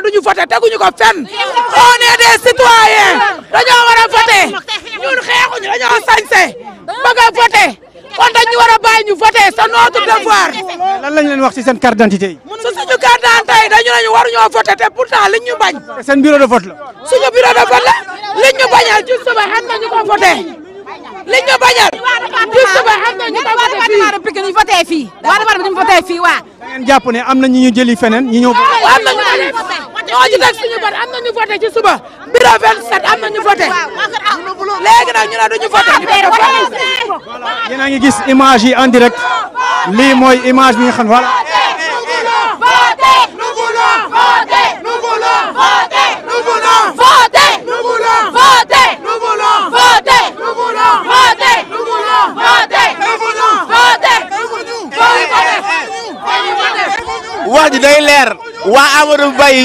pourquoi duñu voté teguñu ko fenn on est des citoyens dañoo war a voté ñun xeexuñu dañoo sañse bëgg a voté kon dañu war a bàyyi ñu voté c'est notre devoir. lan lañ leen wax ci seen carte d'identité yi. su suñu carte d'identité yi dañu ne ñu waruñoo voté te pourtant liñ ñu bañ. te seen vote suñu bureau vote la liñ bañal ci suba xam nañu ko voté liñ bañal. ci suba xam nañu ko voté fii waa Pikine ñu voté fii. waa Dakar ñu voté fii waa. da ngeen jàpp ne am na ñi ñu jëli feneen ñi ñëw. am na ñu jëli feneen. ñoo ci teg suñu bët am na ñu ci suba bureau 27 am na ñu voté léegi ñu ne duñu voté ñu def ngi gis image yi en direct lii mooy image bi nga xam voilà day leer waa Amadou Mbaye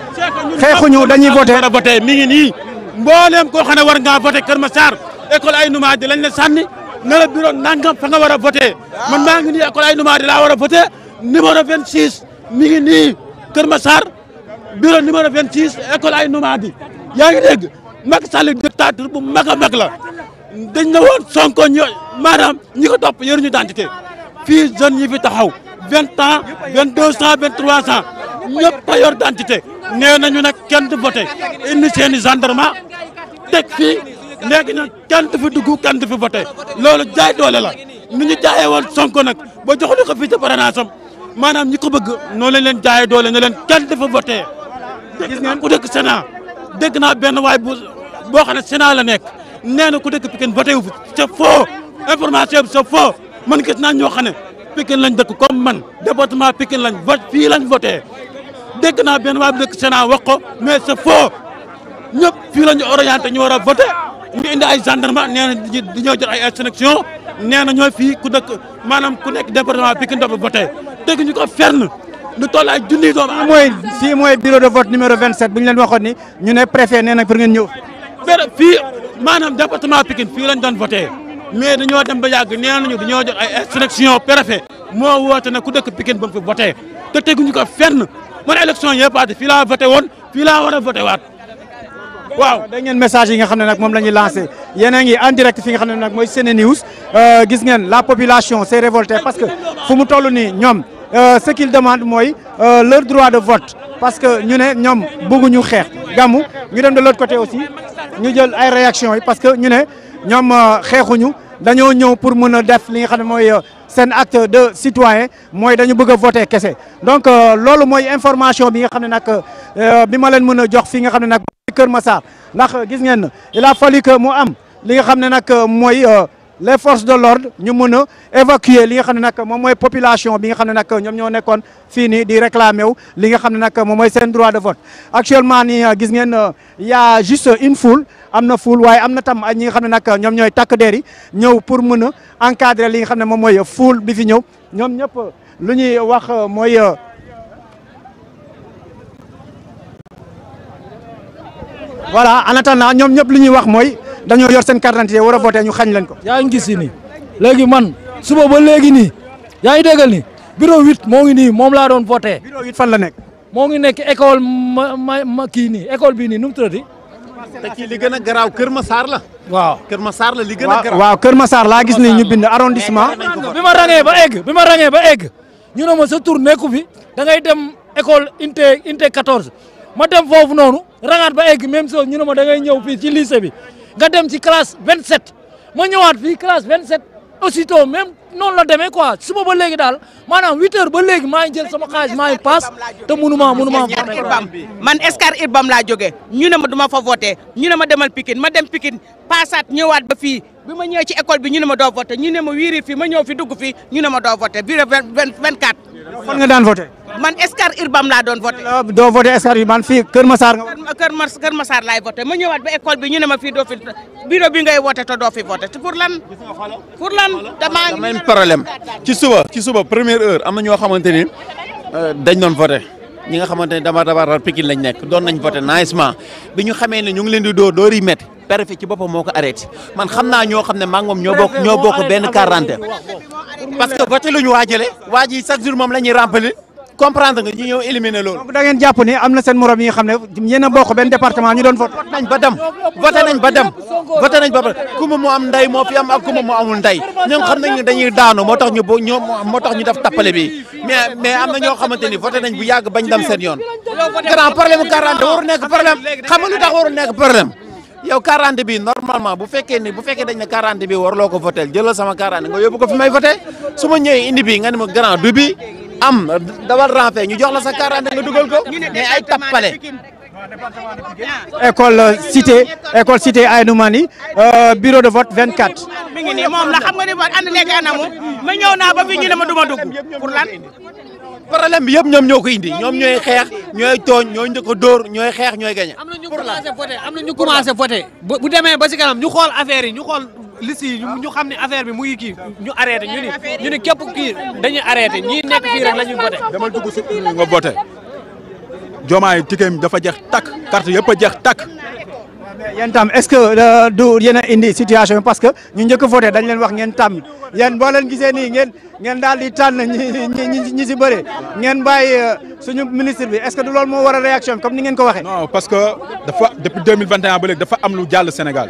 xeexuñu dañuy voté dara a voté mi ngi ni mboolem ko xana ne war ngaa voté ma sar école ay numa di lañ la sanni na la biro nangam fa nga wara a voté man ma ngi ni école ay numa di la wara a voté numéro 26 mi ngi ni keur ma sar biro numéro 26 école ay numa di ya ngi dégg Macky Sall dictateur bu maga mag la dañ na won Sonko ñi maanaam ñi ko topp ñu identité fi jeune yi fi taxaw 20 ans 22 ans 23 ans ñepp a yor identité nee nañu nag kenn du voté indi seen i gendarme teg fii léegi nag kenn du fi dugg kenn du fi voté loolu jaay doole la ni ñu jaayee woon Sonko nag ba joxuñu ko fii ca parrainage maanaam ñi ko bëgg noonu lañ leen jaayee doole ne leen kenn du fi voté. gis ngeen ku dëkk dégg naa benn waay bu boo xam ne Sénat la nekk nee na ku dëkk Pikine voté wu fi c'est faux information bi c'est faux man gis naa ñoo xam ne Pikine lañ dëkk comme man département Pikine lañ vote fii lañ voté. dégg naa benn waa bi dëkk Sénat wax ko mais c'est faux ñëpp fii la ñu orienté ñu war a voté ñu indi ay gendarme nee na di jot ay instruction nee na ñooy fii ku dëkk maanaam ku nekk département voté dégg ñu ko fenn lu toll ay mooy si mooy bureau de vote numéro 27 bu ñu leen waxoon ni ñu ne préfet nee na pour ngeen ñëw mais fii maanaam département Pikine fii lañ doon voté mais dañoo dem ba yàgg nee nañu dañoo jot ay instruction préfet moo woote na ku dëkk ba mu fi voté te teguñu ko fenn Mon élection yee passé fii laa voté woon fii laa war a voté waat waaw da ngeen message yi nga xam ne nag moom la a ngi en direct fi nga xam ne nag Sene News euh, gis ngeen la population s'est révoltée parce que fu mu toll nii euh, ce qu'ils demandent moi, euh, leur droit de vote parce que ñu ne ñoom bëgguñu xeex gàmmu ñu dem de l'autre côté aussi ñu jël ay réaction yi parce que ñu ne ñoom xeexuñu dañoo ñëw pour mon a def li nga seen acte de citoyen moy dañu bëgg voter kessé donc euh, lolu moy information bi nga xamné nak nag euh, bi ma leen mëna jox fi nga xamné nak nag Kër Massar ndax euh, gis ngeen il a fallu que mu am li nga xamné nak moy les forces de l'ordre ñu mëna évacuer li nga xamné nak mom moy population bi nga xamné nak ñom ñoo nekkoon fini di réclamer wu li nga xamné nak mom moy sen droit de vote actuellement ni gis ngeen y a juste une foule am na foule waaye am na tam ñi nga xam ne nag ñoom ñooy takk deer yi ñëw pour mën a encadrer li nga xam ne moom mooy foule bi fi ñëw ñoom ñëpp lu ñuy wax mooy. voilà en attendant ñoom ñëpp lu ñuy wax mooy dañoo yor seen carte d'identité war a voté ñu xañ leen ko. yaa ngi gis si nii léegi man suba ba léegi nii yaa ngi déggal ni bureau 8 moo ngi nii moom laa doon voté. bureau 8 fan la nekk. moo ngi nekk école ma ma kii nii école bii nii nu te kii li gën a garaaw Kër Masar la. waaw Kër Masar la a waaw Kër Masar laa gis ni ñu bind bi ma ràññee ba egg bi ma ràññee ba egg ñu ne ma sa tur nekku fi da ngay dem école unité unité 14 ma dem foofu noonu rangaat ba egg même chose ñu ne ma da ngay ñëw nga dem ci classe 27 ma ñëwaat fii classe 27. aussitôt même noonu la demee quoi suba ba léegi daal maanaam huit heures ba léegi maa ngi jël sama xaalis maa ngi paas te mënuma mënuma am man Scat Urbam laa jógee ñu ne ma duma fa voté ñu ne ma demal Pikine ma dem Pikine paasaat ñëwaat ba fii bi ma ñëwee ci école bi ñu ne ma doo voté ñu ne ma wiiri fii ma ñëw fi dugg fii ñu ne ma doo voté bureau vingt vingt quatre fan nga daan voté man Escar Urbam laa doon voté. doo voté Escar Urbam fii Kër Kër Massar Kër Massar laay voté ma ñëwaat ba école bi ñu ne ma fii doo fi bureau bi ngay voté te doo fi voté pour lan. pour lan damaa ci suba ci suba heure am na ñoo xamante ni euh, dañ doon voté ñi nga xamante ni dama dabar Pikine lañ nekk doon nañ voté naajement bi ñu xamee ne ñu ngi leen di doo doo yi métti. ci boppam moo ko arrêté man xam na ñoo xam ne maa moom ñoo bok ñoo bok benn quarante parce que voté lu ñu la ñuy remplir. comprendre nga ñu ñëw éliminer loolu. donc da ngeen jàpp am na seen morom yi nga xam ne yéen a bokk benn département ñu doon vote nañ ba dem vote nañ ba dem kuma mu am nday moo fi ak kuma mu amul nday ñoom xam nañ ne daanu moo tax ñu bo ñoom moo tax ñu def tappale bi mais mais am na ñoo xamante ni vote nañ bu yàgg bañ dem seen yoon. grand problème 40 waru nekk problème xam bi normalement bu fekkee dañ ne 40 bi warloo ko voté jëlal sama 40 nga yóbbu ko am dawal renfé ñu jox la sa carte nga dugal ko mais ay tappale école cité école cité Aynou Mani euh, bureau de vote 24. mi ngi nii moom la xam nga ni ma ànd nekk anamu ma ñëw naa ba fi ñu ne ma duma dugg pour lan. problème bi yëpp ñoom ñoo ko indi ñoom ñooy xeex ñooy tooñ ñooy njëkk a dóor ñooy xeex ñooy gañe. am na ñu commencé voté am na ñu commencé voté bu demee ba si kanam ñu xool affaire yi ñu xool. Lisi, ñu xamni affaire bi mu ngi kii ñu arrêté ñu ni ñu ni képp ki dañuy arrêté ñi nekk fi rek lañu voté dama dugg si nga voté jomaay tikem dafa jeex tak carte yëpp a tak yeen tam est ce que euh, du yena indi situation parce que ñu ñëk voté dañ leen wax ngeen tam yeen bo leen gisé ni ngeen ngeen dal di tan ñi ñi ci bëre ngeen bàyyi euh, suñu ministre bi est ce que du lool mo wara réaction comme ni ngeen ko waxé non parce que dafa depuis 2021 ba lég dafa am lu jall Sénégal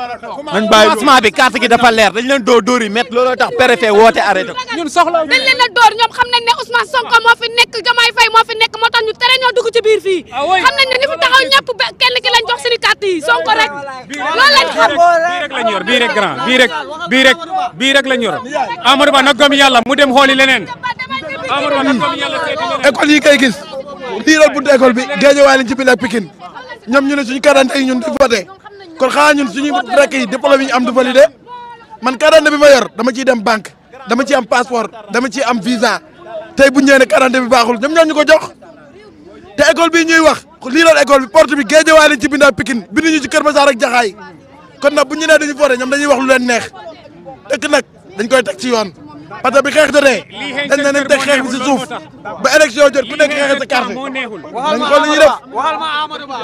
nañ bàyyi commencement bi carte gi dafa leer dañ leen dóor dóor yi métti looloo tax préfet woote arrêté ko ñun soxla dañ leen a dóor ñoom xam nañ ne Ousmane Sonko moo fi nekk Diomaye Faye moo fi nekk moo tax ñu tere ñoo dugg ci biir fii ah xam nañ ne ni fi taxaw ñëpp kenn ki lañ jox suñu yi Sonko rek loolu lañ xam bii rek lañ bii rek grand bii rek bii rek bii rek lañ yor Amadou Ba nag gëm yàlla mu dem xooli leneen Amadou Ba nag gëm yàlla seeti leneen école yi kay gis lii loolu buntu école bi géejawaay lañ ci bind ak ñoom ñu ne suñu carte yi ñun di voté kon xanaa ñun suñu rek yi diplôme yi ñu am du validé man carte bi ma yor dama ciy dem banque dama ciy am passeport dama ci am visa tey bu ñëwee ne carte bi baaxul ñoom ñoo ñu ko jox te école bii ñuy wax lii loon école bi porte bi Guédiawaye lañ ci bindaa Pikine bindu ñu ci Kër Massar ak Jaxaay kon na bu ñu nee dañu foore ñoom dañuy wax lu leen neex dëkk nag dañ koy teg ci yoon parce que bi xeex jotee dañ ne nañ teg xeex bi si suuf ba élection jot ku nekk xeex sa carte dañ xool li ñuy def waxal ma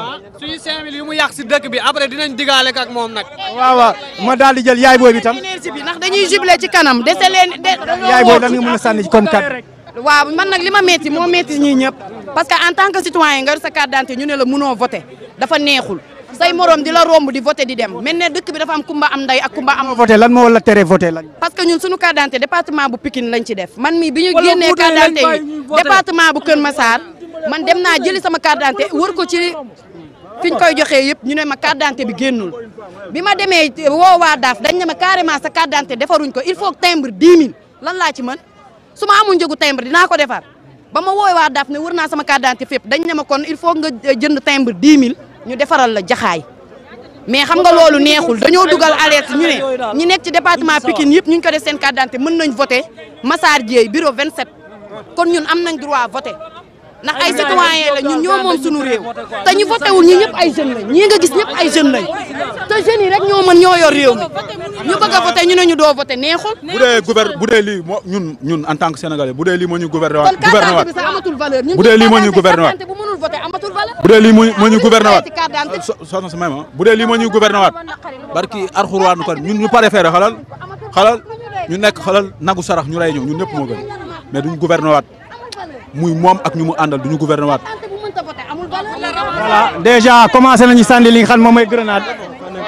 suñu 5000 yu yàq si dëkk bi après dinañ digaale ak moom nag waaw waaw ma daal di jël yaay booy bi tam ndax dañuy jublé ci kanam de leen yaay booy da nga mën a sànni ci comme kat waaw man nag li ma métti moo métti ñii ñëpp parce que en tant que citoyen nga yor sa carte d'identité ñu ne la mënoo voté dafa neexul say morom di la romb di voté di dem mel ne dëkk bi dafa am kumba am nday ak kumba am. voté lan moo la tere voté lan. parce que ñun suñu carte d'identité département bu Pikine lañ ci def man mii bi ñu génnee carte d'identité yi département bu Kër Massar man dem naa jëli sama kar d'identité wër ko ci fi ñu koy joxe yëpp ñu ne ma carte d'identité bi génnul bi ma demee woo waa daaf dañ ne ma carrément sa carte d'identité defaruñ ko il faut timbre 10 000 lan laa ci man su ma amul njëgu timbre dinaa ko defar ba ma woowee waa daaf ne wër naa sama carte d'identité fépp dañ ne ma kon nga jënd timbre 10 000 ñu défaral la jaxay mais xam nga lolu neexul dañoo dugal alerte ñu ne ñi nekk ci département Pikine yépp ñu ko def sen carte d'identité mën nañ bureau 27 kon ñun am nañ droit voter. ndax ay citoyen la ñun ñoo moom suñu réew te ñu voté wul ñi ñëpp ay jeunes lañ ñii nga gis ñëpp ay jeunes lañ te rek ñoo mën ñoo yor réew mi ñu bëgg a ñu ne ñu doo voté neexul. bu dee gouver bu dee lii moo ñun ñun en tant que sénégalais bu dee lii moo ñu gouverner waat. gouverner waat kon carte d'identité bi sax amatul valeur. bu dee lii moo ñu gouverner waat bu mënul voté bu dee lii moo ñu moo ñu gouverner waat soxna si may ñu gouverner waat barki arxuraan kon ñun ñu préféré xalal xalal ñu nekk xalal nagu sarax ñu lay ñëw ñun ñëpp moo gën mais duñ gouverner waat muy mom ak ñumu andal duñu gouverner wat voilà déjà commencé nañu sandi li nga xam momay grenade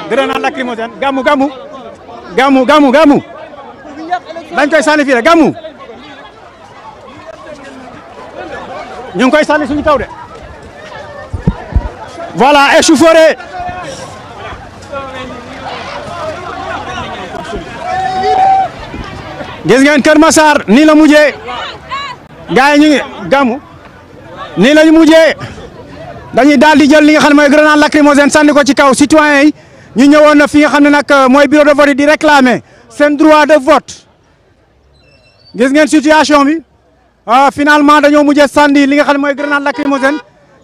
grenade lacrymogène gamu gamu gamu gamu gamu dañ koy sandi fi gamu ñu koy sandi suñu taw de voilà échauffourée gis ngeen keur Massar ni la mujjé gars yi ñu ngi gàmmu nii lañu mujjee dañuy daal di jël li nga xam ne mooy grenade lacrymogène sànni ko ci kaw citoyen yi ñu ñëwoon na fi nga xam ne nag euh, mooy bureau de vote di réclamer seen droit de vote gis ngeen situation bi ah, finalement dañoo mujjee sànni li nga xam ne mooy grenade lacrymogène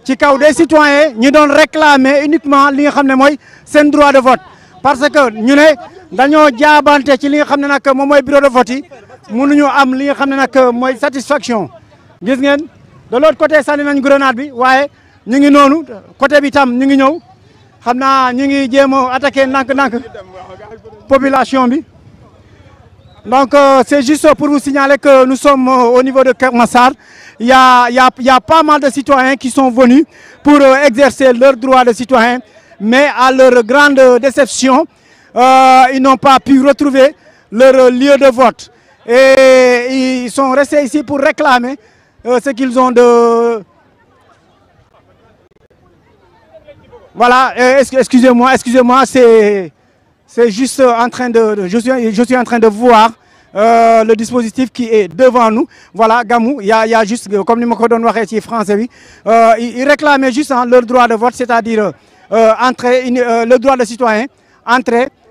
ci kaw des citoyens ñi doon réclamer uniquement li nga xam ne mooy seen droit de vote parce que ñu ne nous avons de vote de l'autre côté grenade nous côté population donc euh, c'est juste pour vous signaler que nous sommes euh, au niveau de Kermassar. il y a y a y a pas mal de citoyens qui sont venus pour euh, exercer leurs droits de citoyen mais à leur grande déception euh, ils n'ont pas pu retrouver leur lieu de vote. Et ils sont restés ici pour réclamer euh, ce qu'ils ont de... Voilà, euh, excusez-moi, excusez-moi, c'est juste en train de... je, suis, je suis en train de voir le dispositif qui est devant nous. Voilà, Gamou, il y, a juste, comme nous noir, est français, oui, ils réclamaient juste hein, leur droit de vote, c'est-à-dire entrer, le droit de citoyen, entrer,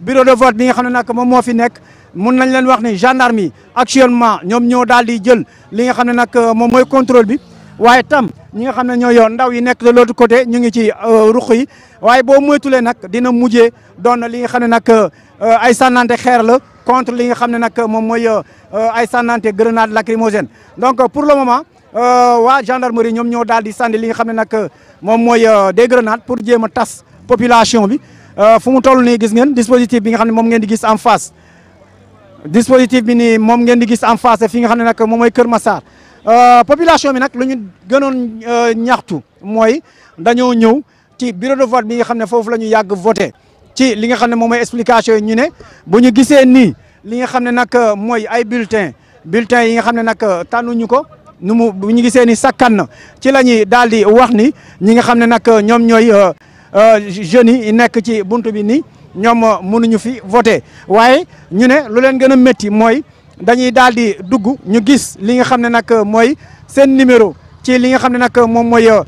bureau de vote bi nga xam ne nag moom moo fi nekk mun nañ leen wax ni gendarme yi actuellement ñoom ñoo daal di jël li nga xam ne nag euh, moom mooy contrôle bi waaye tam ñi nga xam ne ñoo yoon ndaw yi nekk de l'autre côté ñu ngi ci euh, ruq yi waaye boo moytulee nag dina mujjee doon li nga xam ne nag euh, ay sànnante xeer la contre li nga xam ne nag moom mooy ay sànnante grenade lacrymogène donc pour le moment waa gendarmerie ñoom ñoo daal di sànni li nga xam ne nag moom mooy des grenades pour jéem a tas population bi Euh, fu mu toll nii gis ngeen dispositif bi nga xam ne moom ngeen di gis en face dispositif bi nii moom ngeen di gis en face fi nga xam ne nag moom mooy Kër Massar euh, population bi nag lu ñu gënoon euh, ñaxtu mooy dañoo ñëw ci bureau de vote bi nga xam ne foofu la ñu yàgg voté ci li nga xam ne moom mooy explication ñu ne bu ñu gisee nii li nga xam ne nag mooy ay bulletin bulletin yi nga xam ne nag tànnuñu ko nu mu bu ñu gisee ni sakkan na ci la ñuy daal di wax ni ñi nga xam ne nag ñoom ñooy Euh, jeunes yi nekk ci bunt bi nii ñoom mënuñu fi voté waaye ñu ne lu leen gën a métti mooy dañuy daal di dugg ñu gis li nga xam ne nag mooy seen numéro ci li nga xam ne nag moom mooy euh,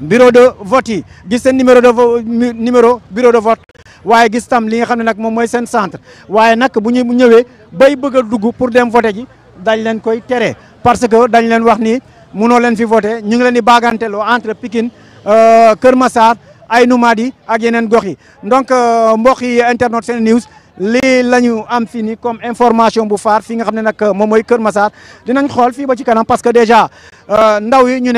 bureau de vote yi gis seen numéro de numéro bureau de vote waaye gis tam li nga xam ne nag moom mooy seen centre waaye nag bu ñuy ñu ñëwee bay bëgg a dugg pour dem voté ji dañ leen koy tere parce que dañ leen wax ni mënoo leen fi voté ñu ngi leen di baaganteloo entre Pikine euh, Kër Massar ay Noumaadi yi ak yeneen gox yi donc euh, Mbokhi, yi internet seen news les la am fini comme information bu faar fi nga xam ne nag euh, moom mooy Kër Massar dinañ xool fii ba ci kanam parce que déjà euh, ndaw yi ñu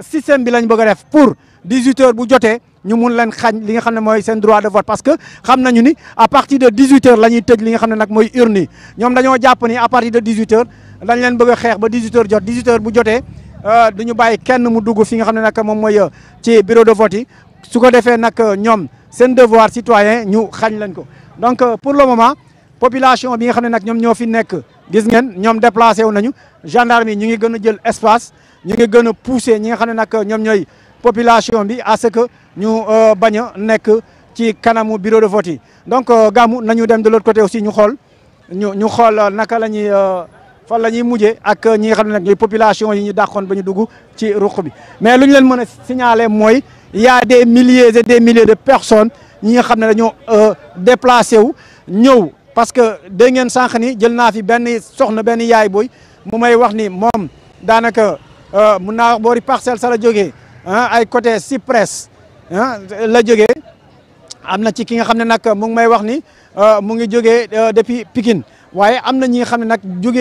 système bi lañ bëgg def pour 18 h bu joté ñu mën leen xagn li nga xamné moy sen droit de vote parce que xam nañu ni à partir de 18 h lañuy tej li nga xamné nak moy urne ñom dañoo japp ni à partir de 18 h dañ leen bëgg xex ba 18 h jot 18 h bu joté euh, du ñu kenn mu dugg fi nga xamné nak mom moy euh, ci bureau de vote yi su ko defee nag euh, ñoom seen devoir citoyen ñu xagn leen ko donc pour le moment population bi nga xamné nak ñom ñoom ñoo fi nekk gis ngeen ñom déplacé wu nañu gendarmerie yi ñu ngi gëna jël espace ñu ngi gëna pousser ñi nga xamné nak ñom ñoy population bi à ce que ñu baña a nekk ci kanamu bureau de vote donc gamu nañu dem de l'autre côté aussi ñu xol ñu ñu xool naka la fan la ñuy mujjee ak euh, ñi nga xam ne nag les populations yi ñu dàqoon ba ñu dugg ci ruq bi mais lu ñu leen mën a signaler mooy y des milliers des milliers de personnes ñi nga xam ne dañoo euh, déplacé wu ñëw parce que dégg ngeen sànq ni jël naa fi benn soxna benn yaay booy mu may wax ni moom daanaka euh, mun naa wax boori parcelle sa la jógee ay côté Cyprès ah la jógee am na ci ki nga xam ne nag mu ngi may wax ni mu ngi jóge depuis Pikine waaye am na ñi xam ne nag jógee